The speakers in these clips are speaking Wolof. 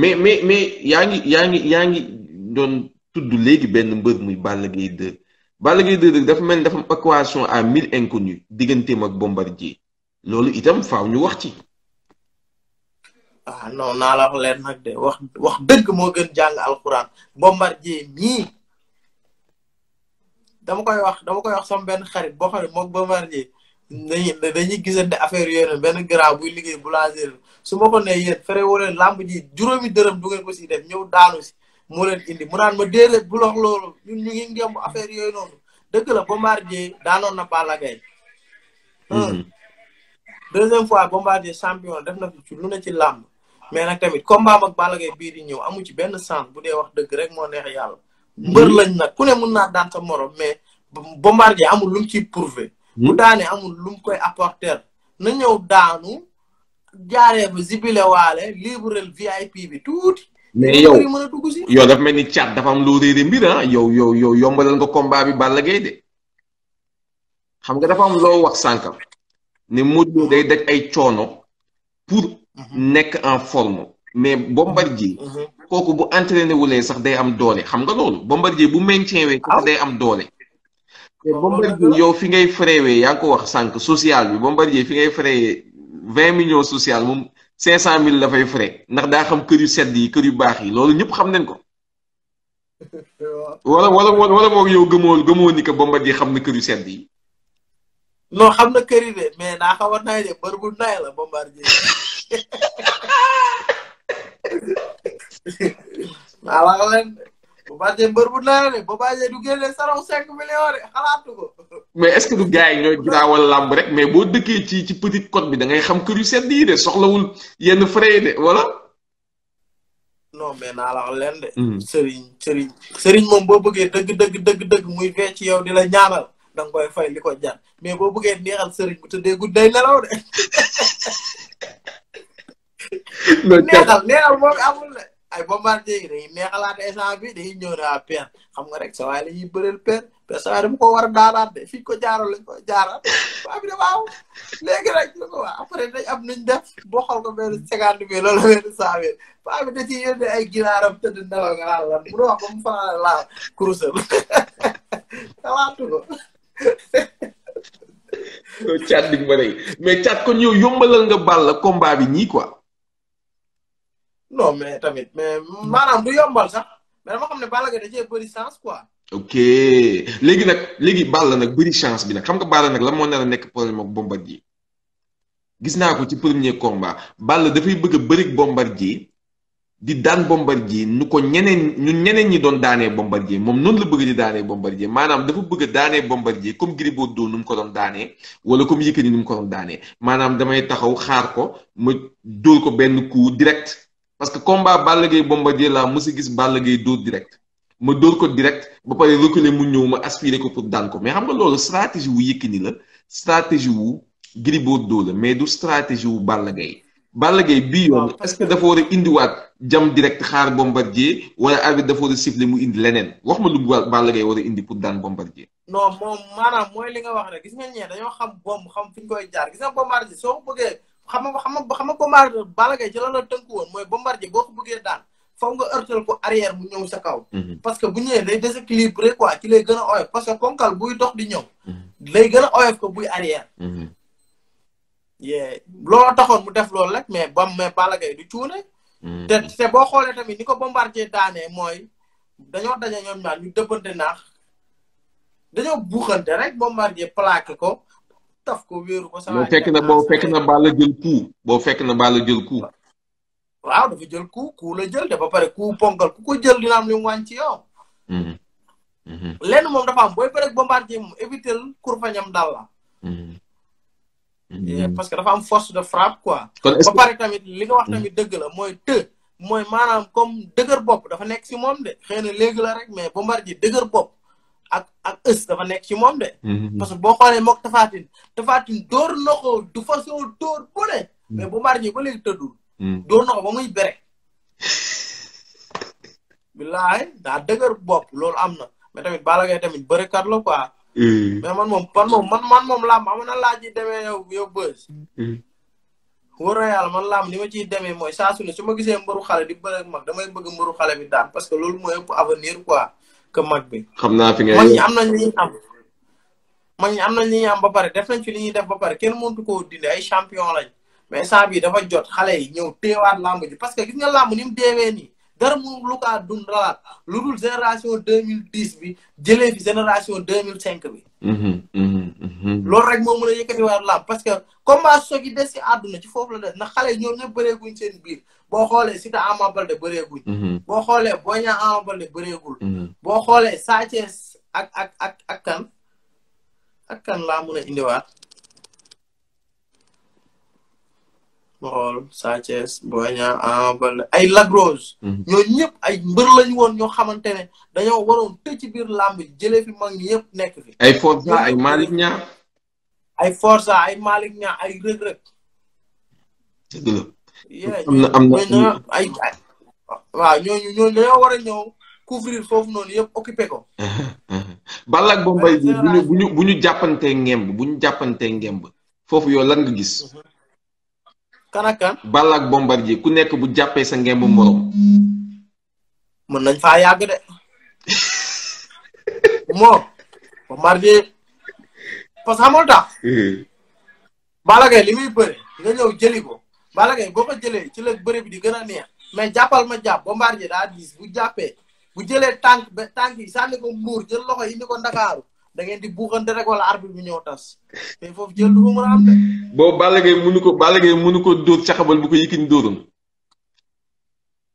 mais mais mais yaa ngi yaa ngi yaa ngi doon tudd léegi benn mbër muy Balla Gaye 2 Balla Gaye 2 dafa mel ni dafa am équation mille inconnus digganteem ak Bombardier loolu itam faw ñu wax ci. ah non naa la wax nag de wax wax moo gën jàng alxuraan Bombardier mii dama koy wax dama koy wax sama benn xarit boo xam ne moom Bombardier dañuy dañuy gisante affaire yooyu benn grand buy liggéey boulanger su ma ko nee yéen fere làmb ji juróomi dërëm du ngeen ko si def ñëw daanu si moo leen indi mu naan ma déedéet bu lox loolu ñun ñu ngi ngemb affaire yooyu noonu dëgg la Bombardier daanoon na Balla Gaye mhm. hmm. deuxième fois Bombardier champion def na fi ci lu ne ci làmb mais nag tamit combat ak Balla Gaye bii di ñëw amu ci benn sens bu dee wax dëgg rek moo neex yàlla mbër lañ nag ku ne mun naa daan sa morom mais Bombardier amul lum mu ciy prouver hmm. bu daanee amul lu mu na ñëw daanu jaaree ba zibile waale librel VIP bi tuuti. mais yow yow dafa mel ni caat dafa am loo réeré mbir ah yow yow yow yombalal nga combat bi Balla Gaye nga dafa am loo wax sànq ni Modou Lô day daj ay coono pour mhm. nekk en forme mais Bombardier mhm. Mhm. kooku bu entraîné wulee sax day am doole xam nga loolu Bombardier bu maintien wee sax ah. day am doole te yow fi ngay freiwee yaa ngi wax sànq social bi Bombardier fi ngay freiwee vingt millions social moom cinq cent mille la fay frais ndax daa xam kër yu sedd yi kër yu baax yi loolu ñëpp xam nañ ko. wala wala wala moom yow gëmoo gëmoo ni que Bombardier xam na kër yu sedd yi. non xam na kër yi de mais naa xamoon naa ne bër bu naay la Bombardier. waaw waaw ba mbër bu la ne Bombardier du génne saraw cinq millions de xalaatu ko. mais est-ce que du gars yi ñooy giraawal làmb rek mais boo dëkkee ci ci petite côte bi da ngay xam kër yu sedd yi de soxlawul yenn frais yi de wala. non mais naa la wax leen de. Hmm. Serigne Serigne Serigne moom boo bëggee dëgg dëgg dëgg dëgg muy fee ci yow di la ñaanal da nga fay li ko jar mais boo bëggee neexal Serigne bu tëddee guddi day nelaw de. neexal neexal moom amul de. ay bombardier yi dañuy neexalaat instant bi dañuy ñëw ne ah père xam nga rek sa waay la ñuy bëreel père père ko war a daanaat de fii ko jaaral lañ ko jaaral waa bi damaa am léegi rek ñu ko waa après dañ am nañ def boo xool ko benn cinquante mille loolu benn cent mille waa bi da ciy yónnee nga laal lan ko cat di mais ñii quoi non mais tamit mais maanaam du yombal sax mais dama xam ne Balla Gaye da cee bëri chance quoi. ok léegi nag léegi Balla nag bëri chance bi nag xam nga Balla nag la moo nar nekk problème ak Bombardier gis naa ko ci premier combat Balla dafay bëgg a bëri Bombardier di daan Bombardier nu ko ñeneen ñu ñeneen ñi doon daanee Bombardier moom noonu la bëgg di daanee Bombardier maanaam dafa bëgg a daanee Bombardier comme Gris Bordeaux nu mu ko doon daanee wala comme Yékini nu mu ko doon daanee maanaam damay taxaw xaar ko ma dóor ko benn coup direct. parce que combat Balla Gaye Bombardier laa mos a gis Balla Gaye dóor direct ma dóor ko direct ba pare reculer mu ñëw ma aspirer ko pour daan ko mais xam nga loolu stratégie wu Yékini la stratégie wu Gris Bordeaux la mais du stratégie wu Balla Gaye Balla bii yoon est que dafa war a indiwaat jam direct xaar Bombardier wala arbitre dafa war a siffler mu indi leneen wax ma lu Balla Gaye war a indi pour daan Bombardier. non moom maanaam mooy li nga wax rek xam bomb xam fi ñu koy jaar xam ko xam nga xam nga bombardier Balla Gaye ci la la tënku woon mooy bombardier boo ko bëggee daan foog nga ërtal ko arrière bu ñëw sa kaw. Mhm. parce que bu ñëwee day déséquilibré quoi ci lay gën a oyof parce que konkal buy dox di ñëw. lay mhm. gën a oyof ko buy arrière. Mhm. looloo taxoon mu def loolu rek mais bam mais Balla Gaye du cuune. te te boo xoolee tamit ni ko bombardier daanee mooy dañoo daje ñoom ñaar ñu dëbbante naax dañoo buuxante rek bombardier plaqué ko. taf ko wéeru ko. saa fekk na boo fekk na Balla jël coup boo fekk na Balla jël coup. waaw dafa jël coup coup la jël de ba pare coup ponkal ku ko jël dina am li ci yow. Mm-hmm. Mm-hmm. lenn moom dafa am booy bëreeg bombardier moom éviter kurfañam daal la. Mm-hmm. parce que dafa am force de frappe quoi. ba pare tamit li nga wax tamit dëgg la mooy të. mooy maanaam comme dëgër bopp dafa nekk si moom de xëy na léegi la rek mais bombardier dëgër bopp. ak ak ës dafa nekk ci moom de. Mm-hmm. parce que boo xoolee moog Tapha Tine Tapha Tine dóor na ko du façon dóor bu ne. Mm-hmm. mais Bombardier ba léegi tëddul. Mm-hmm. dóor na ba muy bere. bilaay daa dëgër bopp loolu am na mais tamit Balla Gaye tamit bërekat la quoi. mais man moom man moom man man moom laam am na laaj yi demee yow yow bës. wóor na yàlla man làmb ni ma ciy demee mooy saa su ne su ma gisee mbëru xale di bëre mag damay bëgg mbëru xale bi daan parce que loolu mooy ëpp avenir quoi. que mag bi. xam naa fi ngay mag ñi am nañ li ñuy am. mag ñi am nañ li ba pare def nañ fi li ñuy def ba pare kenn mëntu ko dindi ay champion lañ mais saa bi dafa jot xale yi ñëw teewaat làmb ji parce que gis nga làmb ni mu deewee nii dara mu lu kaa dund ralaat lu dul génération deux mille dix bi jëlee fi génération deux mille cinq bi. Mhm, mhm, mhm. loolu rek moo mën a yëkkati waar làmb parce que combat soog yi des ci àdduna ci foofu la des ndax xale yi ñoom ñëpp bëreeguñ seen biir boo xoolee si Siteu Ama Baldé bëreeguñ boo xoolee Boy Niang Ama Baldé bëreegul boo xoolee Sa Thiès ak ak ak ak kan ak kan laa mën a indiwaat Paul Sa Thiès Boy Niang ay Lac Rose. Mhm. ñooñu ñëpp ay mbër woon ñoo xamante dañoo waroon tëj ci biir làmb yi jëlee fi nekk fi. ay Forza ay Malick Niang. ay Forza ay Malick Niang ay Reug Reug. dëgg la am dañoo war a couvrir foofu noonu yëpp occupé ko. Balla ak Bombardier bu ñu bu ñu bu ñu jàppantee ngemb foofu yow lan nga gis. Mhm. kan ak kan. ku nekk bu jàppee sa ngemb morom. nañ faa yàgg de. moom. Bombardier. parce que xamul tax. Hmm. Balla Gaye li muy bëri nga ñëw jëli ko. Balla Gaye boo ko jëlee ci la bëri bi di gën a neex. mais jàppal ma jàpp Bombardier daa diis bu jàppee bu jëlee tànk ba tànk yi sànni ko muur jël loxo yi ni ko da ngeen di buuxante rek wala arbitre bi ñëw tas mais foofu jël du ko mën a am de. boobu Balla Gaye mënu ko Balla Gaye mënu ko dóor caxabal bu ko Yékini dóoroon.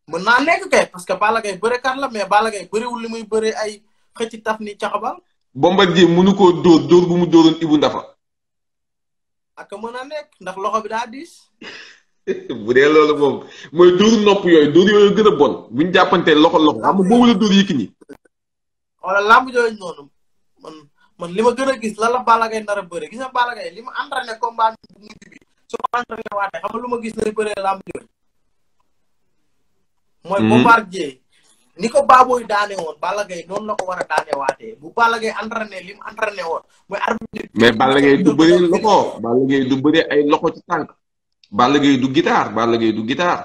mën naa nekk kay parce que Balla Gaye bërekat la mais Balla Gaye bëriwul li muy bëre ay xëcc taf ni caxabal. Bombardier mënu ko dóor dóor bu mu dóoroon Ibou Ndafa. ak mën a nekk ndax loxo bi daa diis. bu dee loolu moom mooy dóor nopp yooyu dóor yooyu gën a bon bu ñu jàppante loxo loxo xam nga boobu la dóor wala làmb jooju noonu. man man li ma gën a gis lan la Balla Gaye nar a bëre gis nga Balla Gaye li ma entraîné combat bu mujj bi su ma entraîné waatee xam nga gis lay bëree làmb jooy mooy hmm. bombardier ni ko baabooy daane woon Balla Gaye noonu la ko war a daane waatee bu Balla Gaye entraîné li mu entraîné woon mooy arbitre mais Balla Gaye du bëree loxo Balla du bëree ay loxo ci tànk Balla Gaye du guitare Balla du guitare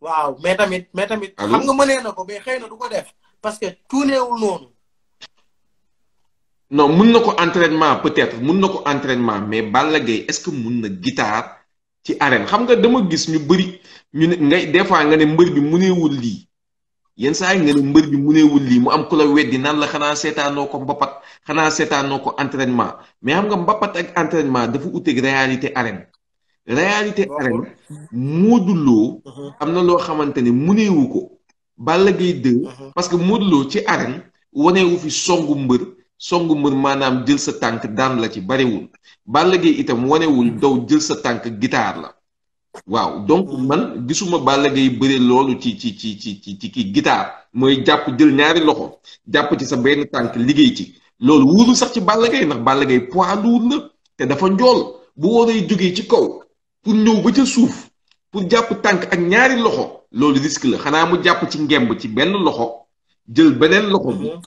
waaw mais tamit mais tamit xam nga mënee na ko mais xëy na du ko def parce que tuuneewul noonu non mun na ko entraînement peut-être mun na ko entraînement mais Balla Gaye est-ce que mun na guitare ci arène xam nga dama gis ñu bëri ñu ne ngay des fois nga ne mbër bi muneewul lii yenn saa yi nga ne mbër bi muneewul lii mu am ku la weddi nan la xanaa seetaanoo ko mbapat xanaa seetaanoo ko entrainement mais xam nga mbapat ak entraînement dafa uteeg réalité arène réalité arène Modou Lo uh-huh. am na loo xamante ne muneewu ko Balla Gaye 2 uh-huh. parce que Modou Lo ci arène waneewu fi songu mbër songu mbër maanaam jël sa tànk daan la ci bariwul Balla Gaye itam wanewul daw jël sa tànk gitaar la waaw donc man gisuma Balla Gaye bëre loolu ci ci ci ci ci kii gitaar mooy jàpp jël ñaari loxo jàpp ci sa benn tànk liggéey ci loolu wóorul sax ci Balla Gaye ndax Balla Gaye poids lourd la te dafa njool bu waree jógee ci kaw pour ñëw ba ca suuf pour jàpp tànk ak ñaari loxo loolu risque la xanaa mu jàpp ci ngemb ci benn loxo jël beneen loxo bi mhm.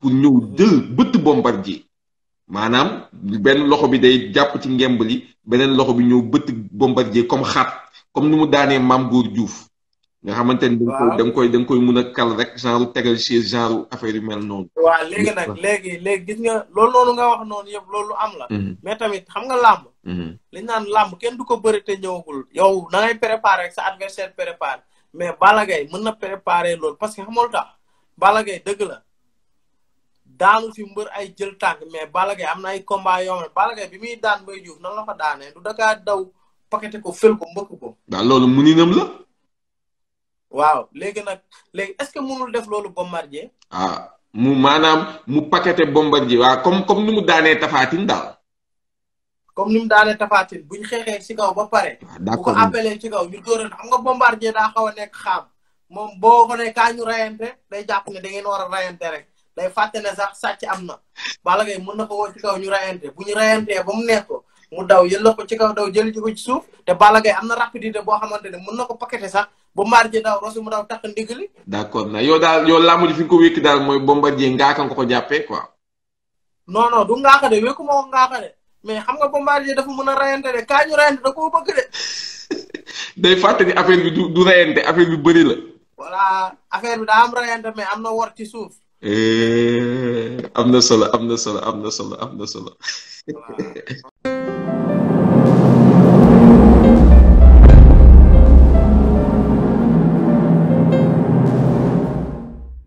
pour ñëw jël bëtt bombardier maanaam benn loxo bi day jàpp ci ngemb li beneen loxo bi ñëw bëtt bombardier comme xaat comme ni mu daanee maam góor juuf nga xamante ni da nga koy da koy mun a kal rek genre tegal chaise genre affaire yu mel noonu. waaw léegi nag léegi léegi gis nga lool noonu nga wax noonu yëpp loolu am la. Mm-hmm. mais tamit xam nga làmb. Mm-hmm. li naan làmb kenn du ko bëri te ñëwagul yow na ngay préparer rek sa adversaire préparé mais bala gay mën na préparer loolu parce que xamul tax Balla Gaye dëgg la. daanu fi mbër ay jël tànk mais Balla Gaye am na ay combat yoo xam ne bi muy daan bay Diouf nan la ko daanee du dakaa daw paqueté ko fël ko mbëkk ko. waaw loolu muninam la. léegi nag léegi est-ce que mënul def loolu bombardier. ah mu maanaam mu paqueté bombardier waaw comme comme ni mu daanee tafaatin daal. comme ni mu daanee tafaatin buñ xeexee ci kaw ba pare. Ah, bu ko appelé ci kaw ñu dóoran xam nga bombardier daa xaw a nekk xaam moom boo ko ne kaa ñu rayante day jàpp ne da ngeen war a rayante rek. day fàtte ne sax sàcc am na Balla Gaye mën na ko woo ci kaw ñu rayante bu ñu rayantee ba mu nekk ko mu daw yëlla ko ci kaw daw jëli ji ci suuf te Balla Gaye am na rapidité boo xamante ne mën na ko paqueté sax ba maar ji daw rosu mu daw takk ndigali d'accord na yow daal yow laamu ji fi ko wékki daal mooy Bombardier ngaaka nga ko jàppee quoi non non du ngaaka de wékku ko ngaaka de mais xam nga Bombardier dafa mën a rayante de kaa ñu rayante da koo bëgg de day fàtte ni affaire bi du du rayante affaire bi bëri la bi daa am rayante mais am na wor ci suuf Eh, am na solo am na solo am na solo am na solo